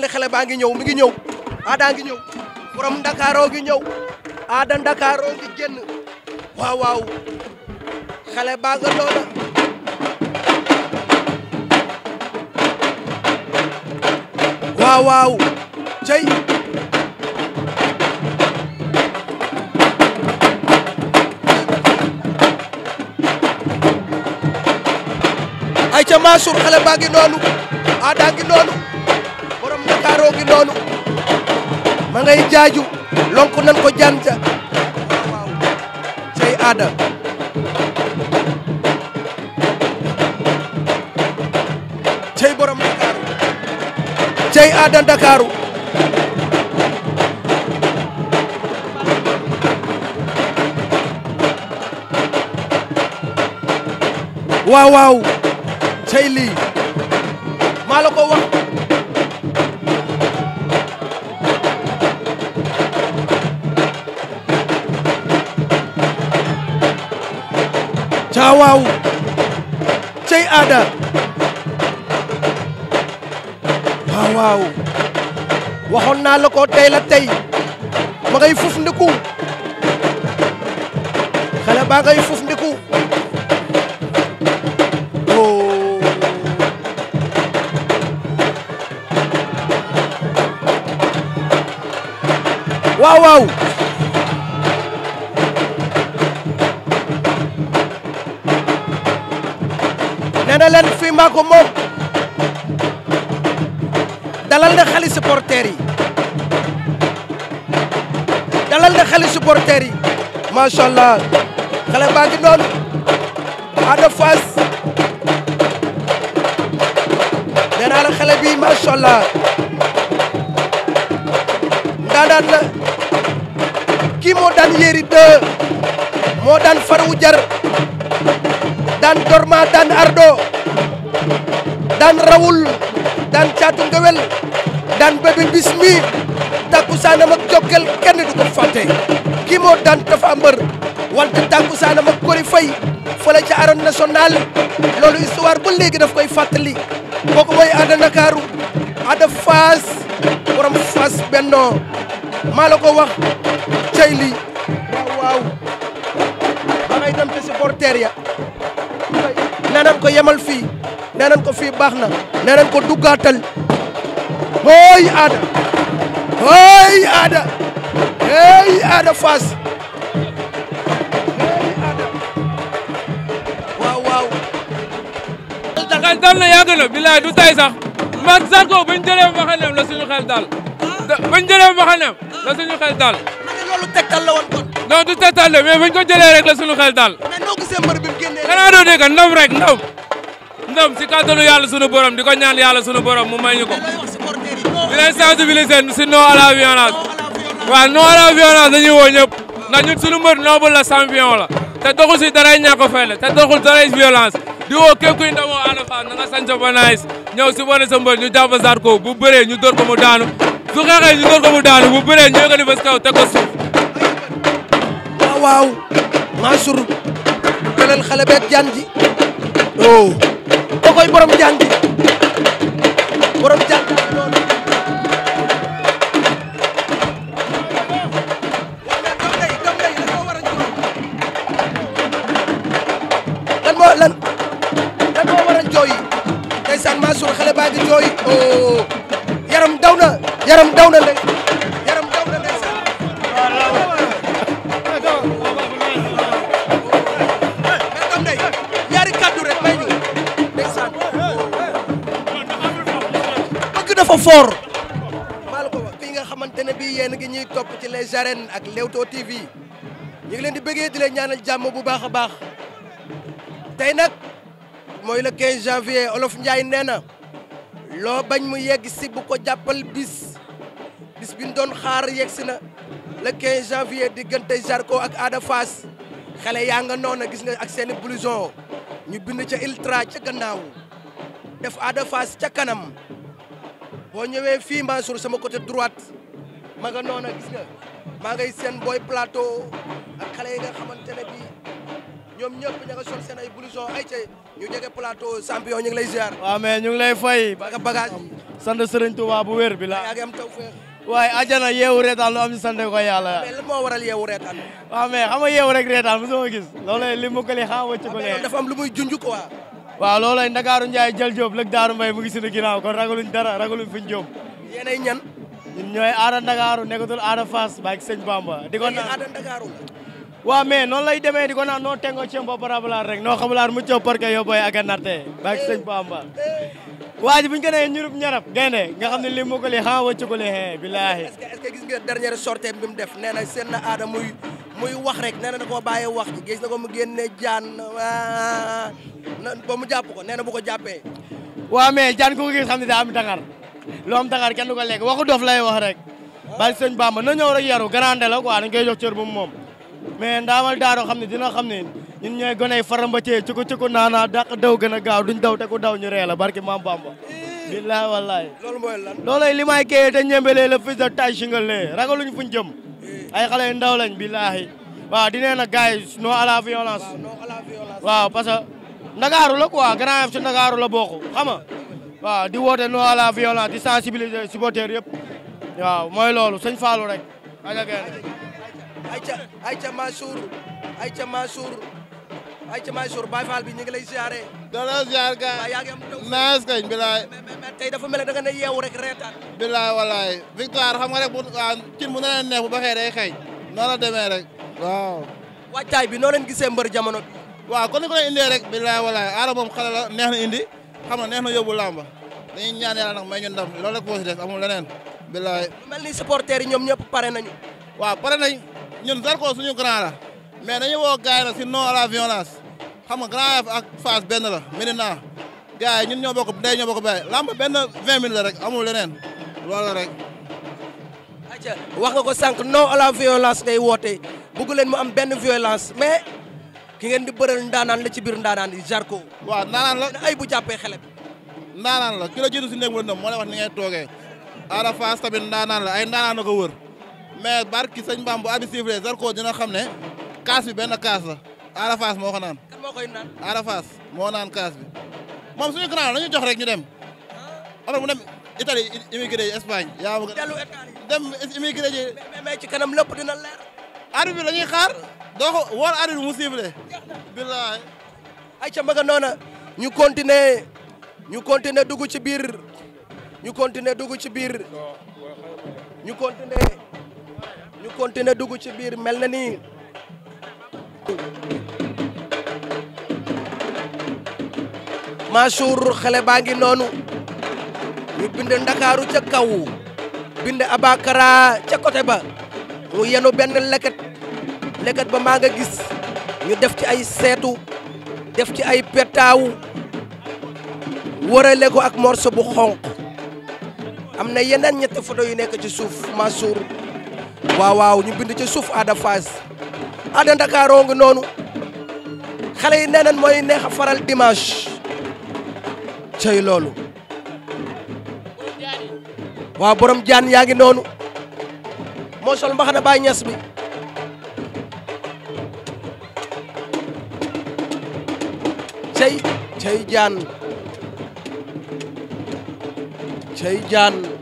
mel ne ngi ñëw mi ngi ñëw Ada ngi ñëw borom Ndakaaroo ngi ñëw Ada Ndakaaroo ngi génn waaw waaw xale baa nga loola ay ca Mansour xale ngi noonu Ada ngi noonu Mooro ngi lii maa la ko wax caawaaw cey aada waaw waxoon naa la ko tey la tey ma ngay fuf ndiku xale baa ngay fuf ndiku oh. waaw waaw nee na leen fii maa ko moom dalal na xali supporters yi dalal na xali kii moo daan yéeri deux moo daan farawu jar daan dorma daan ardo daan rawul daan caatu ngewel daan bébé bis mi tàkkusaanam ak jokkel kenn du ko fàtte kii moo daan Tapha wante tàkkusaanam ak Coly Faye fële ca arène nationale loolu histoire ba léegi daf koy fàttali kooku mooy Ada Ndakaaru Ada Fass borom Fass benno maa la ko wax cey li waaw waaw ba dem te supporter ya nanan ko yemal fii nee ko fii baax na nee nañ ko duggaatal hooy aada hooy aada hey aada Fass hey aada waaw waaw da xel dal na yàgg na bilaay du tey sax man Zarko bañ jëlee mbaxaneem la suñu xel dal bañ jëlee mbaxaneem la suñu xel dal loolu tegtal la woon kon non du tegtal la mais bañ ko jëlee rek la suñu xel dal mais noo gisee mbër ndam si kàttanu yàlla sunu borom di ko ñaan yàlla sunu borom mu may ñu ko. na leen sensibiliser si non à la violence. waaw non à la violence dañuy woo ñëpp ndax ñun sunu mbër noble la champion la te doxul si daray ñàkk fay la te doxul daray violence di woo képp kuy ndamoo Ada Fass na nga sant ba si wane sa mbër ñu jàpp saat ko bu bëree ñu dóor ko mu daanu su xeexee ñu dóor ko mu daanu bu bëree ñu yëkkati ba si ko suuf. waaw Mansour. beneen xale beeg jan Kokoy borom jàng borom lan lan lan moo waral jooy ndeysaan Mansour xale baa ngi jooy yaram oh, daw yaram daw na dafa fort. maa la ko wax nga xamante ne bii yéen ngi ñuy topp ci les ak Leewtoo TV ñu ngi leen di bëggee di leen ñaanal jàmm bu baax a baax tey nag mooy le 15 janvier olof Ndiaye nee na loo bañ mu yegg si bu ko jàppal bis bis bi ñu doon xaar yegg si na le 15 janvier diggante Zarko ak Ada Fass xale yaa nga noona gis nga ak seeni blouson ñu bind ca ultra ca gannaaw def Ada ca kanam. boo ñëwee fii Mansour sama côté droite ma nga noona gis nga maa ngay booy plateau ak xale nga xamante ne ñoom ñëpp ña nga sol seen ay blouson ay ca ñu jege plateau champion ñu ngi lay ziar. mais ñu la lay fay. baga bagage. sant Serigne Touba bu wér bi la. yaa ngi am tawfeex. waaye ajana yeewu reetaan lu am si sant ko yàlla. mais lan moo waral yeewu reetaan. waaw mais xam nga yeewu rek reetaan gis. loolu li mu ko li xaama wëcc ko ah, lee. dafa lu muy junj quoi. waaw loolay Ndakaaru Ndiaye jël Diop lëg Daaru Mbaye mu ngi suñu ginnaaw kon ragaluñ dara ragaluñ fuñ Diop. yéen ay ñan. ñun ñooy aada Ndakaaru nekkatul aada Fass bàyyi sëñ Bamba. di ko naan aada Ndakaaru waaw mais noonu lay demee di ko naan noo tengo cembo parabalaar rek noo xamalaar mucco parke yo boy ak a narte bàyyi sëñ Bamba. waa ji bu ñu ko nee ñurub ñarab gaynde nga xam ne li mu ko li xaa wàccu ko li billaahi. est-ce que gis nga dernière sortie bi mu def nee na seen aada muy muy wax rek nee na da koo bàyyee wax ji gis na ko mu génne jaan ba mu jàpp ko nee na bu ko jàppee. waaw mais jaan ko gis xam ne daa am dangar loo am dangar kenn du ko lekk waxu dof lay wax rek. bàyyi sëñ Bamba na ñëw rek yaru grande la quoi dañ koy jox cër bu moom. mais ndaamal daaro xam ne dina xam ne ñun ñooy goney farambacee cuku cuku naanaa dàq daw gën a gaaw duñ daw te ku daw ñu ree la barki maam Bamba billaay wallaay loolu mooy lan loolay li may kayee te ñembelee la fils de jëm ay xale yu ndaw billaahi waaw di nee na gars violence waaw parce que la quoi Grand Yoff ci ndakaaru la bokk xam nga di woote non à violence di sensibiliser supporters yëpp waaw mooy loolu sëñ Fallou rek aja genn ayca ayca Mansour ayca ay ci Mansour Baye Fall bi ñu ngi lay ziaré. dana ziar gaay waaw yaa naas kañ bilaay. tey dafa mel ne danga ne yeewu rek reetaan. bilaay walaay victoire xam nga rek bu waaw cin bu nee neex bu baxee day xeeñ. noonu demee rek waaw. waajtaay bi noo leen gisee mbër jamono bi. waaw kon ni ko lay indee rek. bilaay walaay aara moom xale neex na indi xam na neex na yóbbu làmba dañuy ñaan yàlla nag may ñu ndam loolu rek moo si des amul leneen. bilaay. mel ni supporters yi ñoom ñëpp pare nañu. waaw pare nañ ñun Zarko suñu grand la. mais dañu woo gars yi nag si non à la violence xam nga Grand benn la Médina gars yi ñun ñoo bokk ndey ñoo bokk baay lamb benn 20 minutes la rek amul leneen rek. wax nga ko sànq non à la violence ngay woote bëgg leen mu am benn violence mais ki ngeen di bëral ndaanaan la ci biir ndaanaan yi Zarko. waaw ndaanaan la ay bu jàppee xelem. la ki la jiitu si néeg bu lëndëm moo lay wax ni ngay toogee. Ada Fass tamit ndaanaan la ay ndaanaan la ko wër mais barki sëñ Bamba bu xam ne. kaas bi benn kaas la Ada moo ko naan. moo koy naan. Ada Fass moo naan kaas bi moom suñu grand ñu jox rek ñu dem. alors ah. dem Italie immigré yi yaa ma dem immigré yi. mais ci kanam lépp dina leer. arbitre bi la ñuy xaar doo ko wool mu sifflé. billaay. ay ca mbaga noona ñu continuer ñu continuer dugg ci biir ñu continuer ci biir ñu continuer ñu dugg ci biir mel na nii. Mansour xale baa ngi noonu ñu bind ndakaaru ca kaw bind abakara ca côté ba mu yenu benn leket leket ba maa nga gis ñu def ci ay seetu def ci ay petaaw wërale ko ak morceau bu xonq am na yeneen ñetti foto yu nekk ci suuf Mansour waaw waaw ñu bind ca suuf Ada Fass Ada Ndakaaroo ngi noonu xale yi nee mooy neex a faral dimanche cey loolu waaw borom jaan yaa ngi moo sol mbaxana Baay Ñas bi cey cey jaan cey jaan